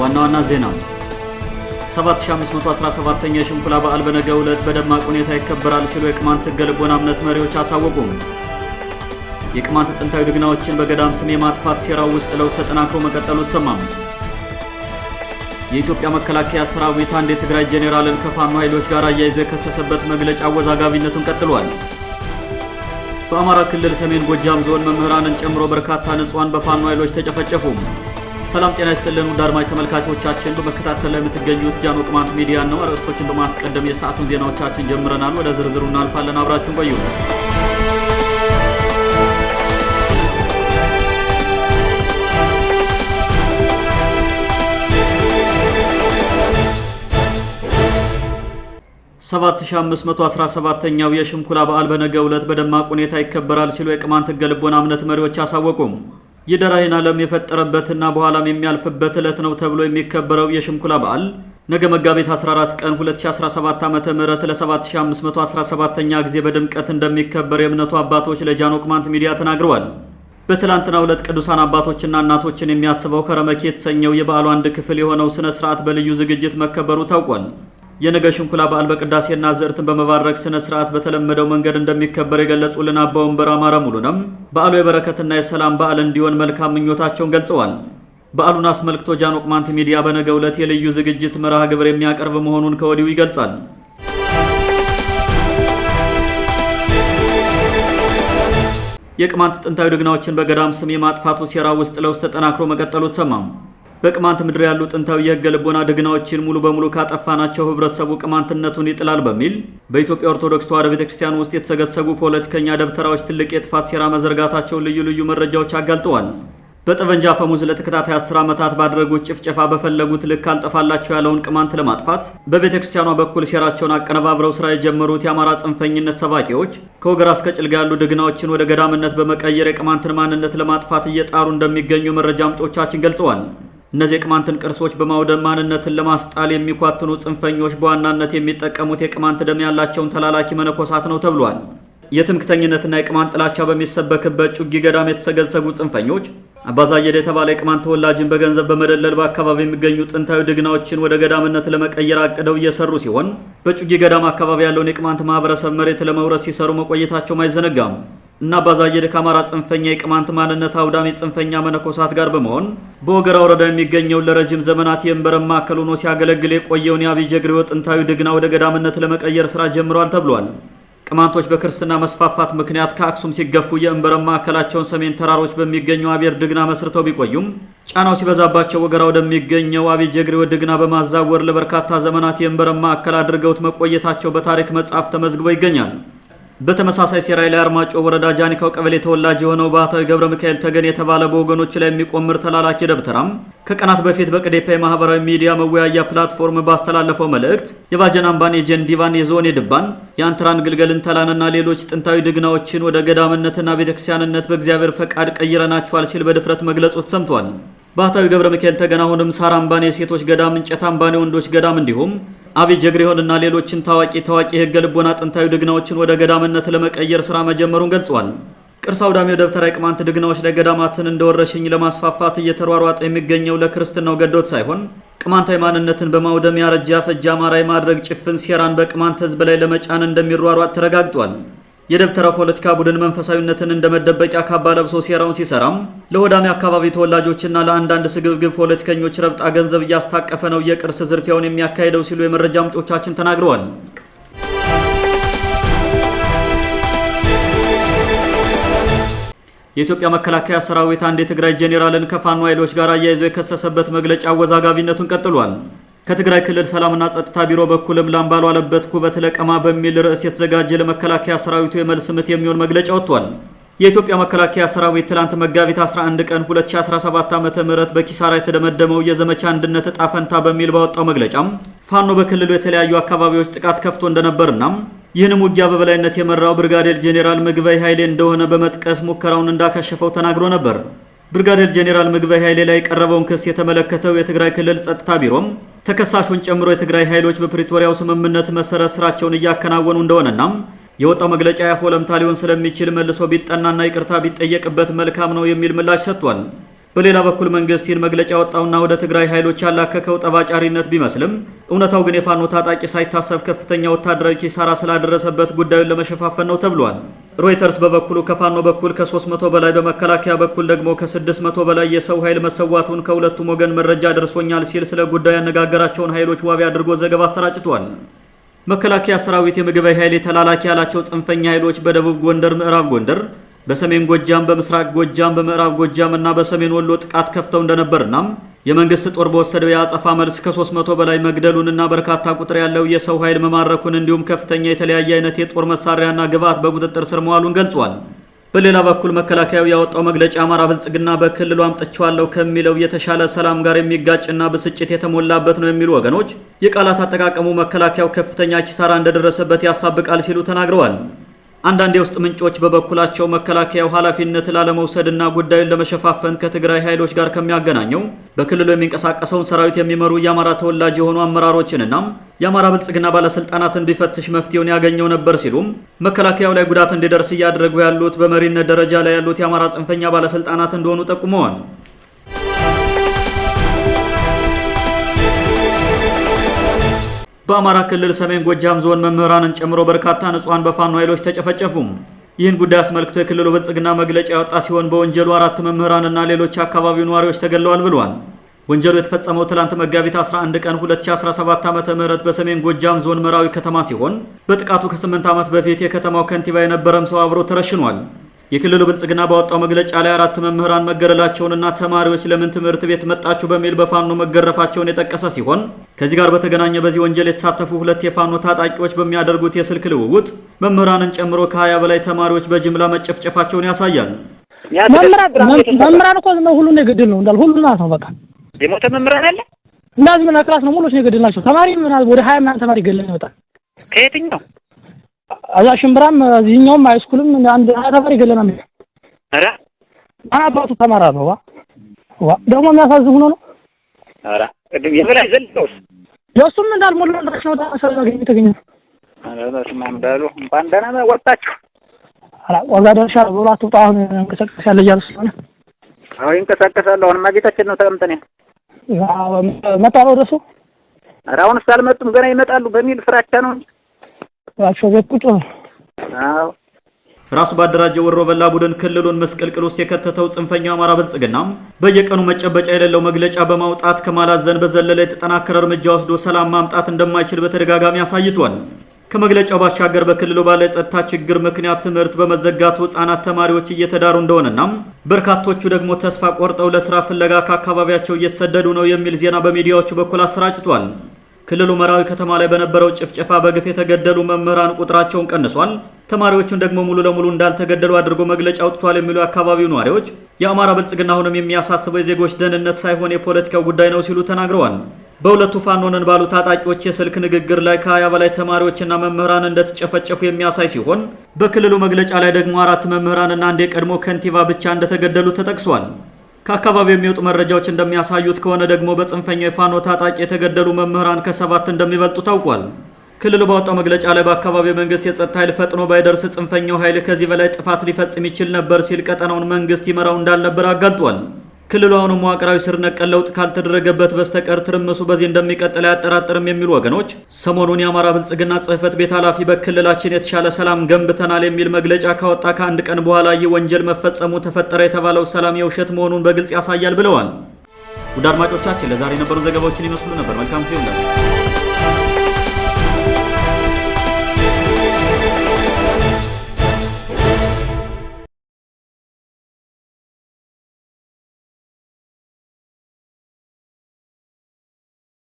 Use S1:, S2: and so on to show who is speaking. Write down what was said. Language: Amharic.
S1: ዋና ዋና ዜና 7517ኛ የሽንኩላ በዓል በነገ ዕለት በደማቅ ሁኔታ ይከበራል ሲሉ የቅማንት ገልቦና እምነት መሪዎች አሳወቁም። የቅማንት ጥንታዊ ድግናዎችን በገዳም ስም የማጥፋት ሴራው ውስጥ ለውጥ ተጠናክሮ መቀጠሉ ተሰማም። የኢትዮጵያ መከላከያ ሰራዊት አንድ የትግራይ ጄኔራልን ከፋኖ ኃይሎች ጋር አያይዞ የከሰሰበት መግለጫ አወዛጋቢነቱን ቀጥሏል። በአማራ ክልል ሰሜን ጎጃም ዞን መምህራንን ጨምሮ በርካታ ንጹሐን በፋኖ ኃይሎች ተጨፈጨፉ። ሰላም ጤና ይስጥልን ውድ አድማጭ ተመልካቾቻችን፣ በመከታተል ላይ የምትገኙት ጃኖ ቅማንት ሚዲያ ነው። አርዕስቶችን በማስቀደም የሰዓቱን ዜናዎቻችን ጀምረናል። ወደ ዝርዝሩ እናልፋለን። አብራችሁን ቆዩ። ሰባት ሺ አምስት መቶ አስራ ሰባተኛው የሽምኩላ በዓል በነገ ዕለት በደማቅ ሁኔታ ይከበራል ሲሉ የቅማንት ገልቦና እምነት መሪዎች አሳወቁም። የደራይን ዓለም የፈጠረበትና በኋላም የሚያልፍበት ዕለት ነው ተብሎ የሚከበረው የሽምኩላ በዓል ነገ መጋቢት 14 ቀን 2017 ዓ ም ለ7517ኛ ጊዜ በድምቀት እንደሚከበር የእምነቱ አባቶች ለጃኖ ቅማንት ሚዲያ ተናግረዋል። በትላንትና ሁለት ቅዱሳን አባቶችና እናቶችን የሚያስበው ከረመኬ የተሰኘው የበዓሉ አንድ ክፍል የሆነው ሥነ ሥርዓት በልዩ ዝግጅት መከበሩ ታውቋል። የነገ ሽንኩላ በዓል በቅዳሴና ዘርትን በመባረክ ስነ ስርዓት በተለመደው መንገድ እንደሚከበር የገለጹልን አባ ወንበር አማረ ሙሉነም በዓሉ የበረከትና የሰላም በዓል እንዲሆን መልካም ምኞታቸውን ገልጸዋል። በዓሉን አስመልክቶ ጃን ቅማንት ሚዲያ በነገ ዕለት የልዩ ዝግጅት መርሃ ግብር የሚያቀርብ መሆኑን ከወዲሁ ይገልጻል። የቅማንት ጥንታዊ ድግናዎችን በገዳም ስም የማጥፋቱ ሴራ ውስጥ ለውስጥ ተጠናክሮ መቀጠሉ ተሰማም። በቅማንት ምድር ያሉ ጥንታዊ የህገ ልቦና ድግናዎችን ሙሉ በሙሉ ካጠፋናቸው ህብረተሰቡ ቅማንትነቱን ይጥላል በሚል በኢትዮጵያ ኦርቶዶክስ ተዋሕዶ ቤተክርስቲያን ውስጥ የተሰገሰጉ ፖለቲከኛ ደብተራዎች ትልቅ የጥፋት ሴራ መዘርጋታቸውን ልዩ ልዩ መረጃዎች አጋልጠዋል። በጠመንጃ ፈሙዝ ለተከታታይ አስር ዓመታት ባደረጉት ጭፍጨፋ በፈለጉት ልክ አልጠፋላቸው ያለውን ቅማንት ለማጥፋት በቤተ ክርስቲያኗ በኩል ሴራቸውን አቀነባብረው ስራ የጀመሩት የአማራ ጽንፈኝነት ሰባኪዎች ከወገራ እስከ ጭልጋ ያሉ ድግናዎችን ወደ ገዳምነት በመቀየር የቅማንትን ማንነት ለማጥፋት እየጣሩ እንደሚገኙ መረጃ ምንጮቻችን ገልጸዋል። እነዚህ የቅማንትን ቅርሶች በማውደም ማንነትን ለማስጣል የሚኳትኑ ጽንፈኞች በዋናነት የሚጠቀሙት የቅማንት ደም ያላቸውን ተላላኪ መነኮሳት ነው ተብሏል። የትምክተኝነትና የቅማንት ጥላቻ በሚሰበክበት ጩጊ ገዳም የተሰገሰጉ ጽንፈኞች አባዛየድ የተባለ የቅማንት ተወላጅን በገንዘብ በመደለል በአካባቢ የሚገኙ ጥንታዊ ድግናዎችን ወደ ገዳምነት ለመቀየር አቅደው እየሰሩ ሲሆን በጩጊ ገዳም አካባቢ ያለውን የቅማንት ማህበረሰብ መሬት ለመውረስ ሲሰሩ መቆየታቸውም አይዘነጋም። እና ባዛየድ ከአማራ ጽንፈኛ የቅማንት ማንነት አውዳሚ ጽንፈኛ መነኮሳት ጋር በመሆን በወገራ ወረዳ የሚገኘውን ለረጅም ዘመናት የእንበረ ማዕከል ሆኖ ሲያገለግል የቆየውን የአብይ ጀግሬው ጥንታዊ ድግና ወደ ገዳምነት ለመቀየር ስራ ጀምሯል ተብሏል። ቅማንቶች በክርስትና መስፋፋት ምክንያት ከአክሱም ሲገፉ የእንበረ ማዕከላቸውን ሰሜን ተራሮች በሚገኘው አብየር ድግና መስርተው ቢቆዩም ጫናው ሲበዛባቸው ወገራ ወደሚገኘው አብይ ጀግሬው ድግና በማዛወር ለበርካታ ዘመናት የእንበረ ማዕከል አድርገውት መቆየታቸው በታሪክ መጽሐፍ ተመዝግበው ይገኛል። በተመሳሳይ ሴራይ ላይ አርማጮ ወረዳ ጃኒካው ቀበሌ ተወላጅ የሆነው ባህታዊ ገብረ ሚካኤል ተገን የተባለ በወገኖች ላይ የሚቆምር ተላላኪ ደብተራም ከቀናት በፊት በቅዴፓ የማህበራዊ ሚዲያ መወያያ ፕላትፎርም ባስተላለፈው መልእክት የባጀን አምባን፣ የጀንዲቫን፣ የዞን የድባን፣ የአንትራን፣ ግልገልን፣ ተላንና ሌሎች ጥንታዊ ድግናዎችን ወደ ገዳምነትና ቤተክርስቲያንነት በእግዚአብሔር ፈቃድ ቀይረናቸዋል ሲል በድፍረት መግለጹ ተሰምቷል። ባህታዊ ገብረ ሚካኤል ተገና ሳር አምባኔ የሴቶች ገዳም፣ እንጨት አምባኔ የወንዶች ገዳም እንዲሁም አቤ ጀግሬሆንና ሌሎችን ታዋቂ ታዋቂ የህገ ልቦና ጥንታዊ ድግናዎችን ወደ ገዳምነት ለመቀየር ስራ መጀመሩን ገልጿል። ቅርስ አውዳሚው ደብተራ ቅማንት ድግናዎች ለገዳማትን እንደ ወረሽኝ ለማስፋፋት እየተሯሯጠ የሚገኘው ለክርስትናው ገዶት ሳይሆን ቅማንታዊ ማንነትን በማውደም ያረጃ ፈጃ አማራዊ ማድረግ ጭፍን ሴራን በቅማንት ህዝብ ላይ ለመጫን እንደሚሯሯጥ ተረጋግጧል። የደብተራ ፖለቲካ ቡድን መንፈሳዊነትን እንደ መደበቂያ ካባ ለብሶ ሴራውን ሲሰራም ለወዳሚ አካባቢ ተወላጆችና ለአንዳንድ ስግብግብ ፖለቲከኞች ረብጣ ገንዘብ እያስታቀፈ ነው የቅርስ ዝርፊያውን የሚያካሄደው ሲሉ የመረጃ ምንጮቻችን ተናግረዋል። የኢትዮጵያ መከላከያ ሰራዊት አንድ የትግራይ ጄኔራልን ከፋኖ ኃይሎች ጋር አያይዞ የከሰሰበት መግለጫ አወዛጋቢነቱን ቀጥሏል። ከትግራይ ክልል ሰላምና ጸጥታ ቢሮ በኩልም ላምባሉ አለበት ኩበት ለቀማ በሚል ርዕስ የተዘጋጀ ለመከላከያ ሰራዊቱ የመልስ ምት የሚሆን መግለጫ ወጥቷል። የኢትዮጵያ መከላከያ ሰራዊት ትላንት መጋቢት 11 ቀን 2017 ዓ.ም በኪሳራ የተደመደመው የዘመቻ አንድነት እጣ ፈንታ በሚል ባወጣው መግለጫም ፋኖ በክልሉ የተለያዩ አካባቢዎች ጥቃት ከፍቶ እንደነበርና ይህንም ውጊያ በበላይነት የመራው ብርጋዴር ጄኔራል ምግበይ ኃይሌ እንደሆነ በመጥቀስ ሙከራውን እንዳከሸፈው ተናግሮ ነበር። ብርጋዴር ጄኔራል ምግበይ ኃይሌ ላይ የቀረበውን ክስ የተመለከተው የትግራይ ክልል ጸጥታ ቢሮም ተከሳሹን ጨምሮ የትግራይ ኃይሎች በፕሪቶሪያው ስምምነት መሰረት ስራቸውን እያከናወኑ እንደሆነና የወጣው መግለጫ ያፎለምታ ሊሆን ስለሚችል መልሶ ቢጠናና ይቅርታ ቢጠየቅበት መልካም ነው የሚል ምላሽ ሰጥቷል። በሌላ በኩል መንግስት ይህን መግለጫ ያወጣውና ወደ ትግራይ ኃይሎች ያላከከው ጠባጫሪነት ቢመስልም እውነታው ግን የፋኖ ታጣቂ ሳይታሰብ ከፍተኛ ወታደራዊ ኪሳራ ስላደረሰበት ጉዳዩን ለመሸፋፈን ነው ተብሏል። ሮይተርስ በበኩሉ ከፋኖ በኩል ከ300 በላይ በመከላከያ በኩል ደግሞ ከ600 በላይ የሰው ኃይል መሰዋቱን ከሁለቱም ወገን መረጃ ደርሶኛል ሲል ስለ ጉዳዩ ያነጋገራቸውን ኃይሎች ዋቢ አድርጎ ዘገባ አሰራጭቷል። መከላከያ ሰራዊት የምግባዊ ኃይል የተላላኪ ያላቸው ጽንፈኛ ኃይሎች በደቡብ ጎንደር፣ ምዕራብ ጎንደር በሰሜን ጎጃም፣ በምስራቅ ጎጃም፣ በምዕራብ ጎጃም እና በሰሜን ወሎ ጥቃት ከፍተው እንደነበርና የመንግስት ጦር በወሰደው የአጸፋ መልስ ከ300 በላይ መግደሉንና በርካታ ቁጥር ያለው የሰው ኃይል መማረኩን እንዲሁም ከፍተኛ የተለያየ አይነት የጦር መሳሪያና ግብዓት በቁጥጥር ስር መዋሉን ገልጿል። በሌላ በኩል መከላከያው ያወጣው መግለጫ አማራ ብልጽግና በክልሉ አምጥቼዋለሁ ከሚለው የተሻለ ሰላም ጋር የሚጋጭና ብስጭት የተሞላበት ነው የሚሉ ወገኖች የቃላት አጠቃቀሙ መከላከያው ከፍተኛ ኪሳራ እንደደረሰበት ያሳብቃል ሲሉ ተናግረዋል። አንዳንድ የውስጥ ምንጮች በበኩላቸው መከላከያው ኃላፊነት ላለመውሰድና ጉዳዩን ለመሸፋፈን ከትግራይ ኃይሎች ጋር ከሚያገናኘው በክልሉ የሚንቀሳቀሰውን ሰራዊት የሚመሩ የአማራ ተወላጅ የሆኑ አመራሮችንና የአማራ ብልጽግና ባለስልጣናትን ቢፈትሽ መፍትሄውን ያገኘው ነበር ሲሉም መከላከያው ላይ ጉዳት እንዲደርስ እያደረጉ ያሉት በመሪነት ደረጃ ላይ ያሉት የአማራ ጽንፈኛ ባለስልጣናት እንደሆኑ ጠቁመዋል። በአማራ ክልል ሰሜን ጎጃም ዞን መምህራንን ጨምሮ በርካታ ንጹሐን በፋኖ ኃይሎች ተጨፈጨፉ። ይህን ጉዳይ አስመልክቶ የክልሉ ብልጽግና መግለጫ ያወጣ ሲሆን በወንጀሉ አራት መምህራንና ሌሎች አካባቢው ነዋሪዎች ተገለዋል ብሏል። ወንጀሉ የተፈጸመው ትላንት መጋቢት 11 ቀን 2017 ዓ ም በሰሜን ጎጃም ዞን መራዊ ከተማ ሲሆን በጥቃቱ ከ8 ዓመት በፊት የከተማው ከንቲባ የነበረም ሰው አብሮ ተረሽኗል። የክልሉ ብልጽግና ባወጣው መግለጫ ላይ አራት መምህራን መገደላቸውንና ተማሪዎች ለምን ትምህርት ቤት መጣችሁ በሚል በፋኖ መገረፋቸውን የጠቀሰ ሲሆን ከዚህ ጋር በተገናኘ በዚህ ወንጀል የተሳተፉ ሁለት የፋኖ ታጣቂዎች በሚያደርጉት የስልክ ልውውጥ መምህራንን ጨምሮ ከሀያ በላይ ተማሪዎች በጅምላ መጨፍጨፋቸውን ያሳያል። መምህራን እኮ ሁሉን ነው የገደልነው እንዳል ሁሉ
S2: ናት ነው በቃ የሞተ መምህራን አለ
S1: እንዳዚህ ምን ክላስ ነው ሙሉች ነው ናቸው። ተማሪ ምናምን ወደ ሀያ ምናምን ተማሪ ገለን ይወጣል ከየትኛው እዛ ሽምብራም እዚህኛውም ሃይስኩልም አንድ ነበር ገለና ምን ኧረ ማን አባቱ ተማራ ነው ዋ ዋ ደግሞ የሚያሳዝን ሆኖ ነው።
S2: ኧረ ቅድም የበላይ ዘለቀውስ
S1: የእሱም እንዳልሞላ ድረስ ነው ታሰረ ነው ግን ተገኘ
S2: እንኳን ደህና ወጣችሁ።
S1: ኧረ ዋጋ ደርሻ ብሎ አትውጣ አሁን እንቀሳቀስ ያለ እያሉ ስለሆነ ነው ተቀምጠን ያለ መጣ ነው ወደ እሱ
S2: አልመጡም ገና ይመጣሉ በሚል ፍራቻ ነው እንጂ
S1: ያሸበቁጡ
S3: ራሱ ባደራጀው ወሮ በላ ቡድን ክልሉን ምስቅልቅል ውስጥ የከተተው ጽንፈኛው አማራ ብልጽግና በየቀኑ መጨበጫ የሌለው መግለጫ በማውጣት ከማላዘን በዘለለ የተጠናከረ እርምጃ ወስዶ ሰላም ማምጣት እንደማይችል በተደጋጋሚ አሳይቷል። ከመግለጫው ባሻገር በክልሉ ባለ የጸጥታ ችግር ምክንያት ትምህርት በመዘጋቱ ሕጻናት ተማሪዎች እየተዳሩ እንደሆነና በርካቶቹ ደግሞ ተስፋ ቆርጠው ለስራ ፍለጋ ከአካባቢያቸው እየተሰደዱ ነው የሚል ዜና በሚዲያዎቹ በኩል አሰራጭቷል። ክልሉ መራዊ ከተማ ላይ በነበረው ጭፍጨፋ በግፍ የተገደሉ መምህራን ቁጥራቸውን ቀንሷል፣ ተማሪዎቹን ደግሞ ሙሉ ለሙሉ እንዳልተገደሉ አድርጎ መግለጫ አውጥቷል የሚሉ የአካባቢው ነዋሪዎች የአማራ ብልጽግና አሁንም የሚያሳስበው የዜጎች ደህንነት ሳይሆን የፖለቲካው ጉዳይ ነው ሲሉ ተናግረዋል። በሁለቱ ፋኖንን ባሉ ታጣቂዎች የስልክ ንግግር ላይ ከሀያ በላይ ተማሪዎችና መምህራን እንደተጨፈጨፉ የሚያሳይ ሲሆን በክልሉ መግለጫ ላይ ደግሞ አራት መምህራንና አንድ የቀድሞ ከንቲባ ብቻ እንደተገደሉ ተጠቅሷል። ከአካባቢው የሚወጡ መረጃዎች እንደሚያሳዩት ከሆነ ደግሞ በጽንፈኛው የፋኖ ታጣቂ የተገደሉ መምህራን ከሰባት እንደሚበልጡ ታውቋል። ክልሉ ባወጣው መግለጫ ላይ በአካባቢው መንግስት የጸጥታ ኃይል ፈጥኖ ባይደርስ ጽንፈኛው ኃይል ከዚህ በላይ ጥፋት ሊፈጽም ይችል ነበር ሲል ቀጠናውን መንግስት ይመራው እንዳልነበር አጋልጧል። ክልሉ አሁን መዋቅራዊ ስር ነቀል ለውጥ ካልተደረገበት በስተቀር ትርምሱ በዚህ እንደሚቀጥል አያጠራጥርም የሚሉ ወገኖች ሰሞኑን የአማራ ብልጽግና ጽህፈት ቤት ኃላፊ በክልላችን የተሻለ ሰላም ገንብተናል የሚል መግለጫ ካወጣ ከአንድ ቀን በኋላ ይህ ወንጀል መፈጸሙ ተፈጠረ የተባለው ሰላም የውሸት መሆኑን በግልጽ ያሳያል ብለዋል። ውድ አድማጮቻችን ለዛሬ የነበሩ ዘገባዎችን ይመስሉ ነበር። መልካም ጊዜ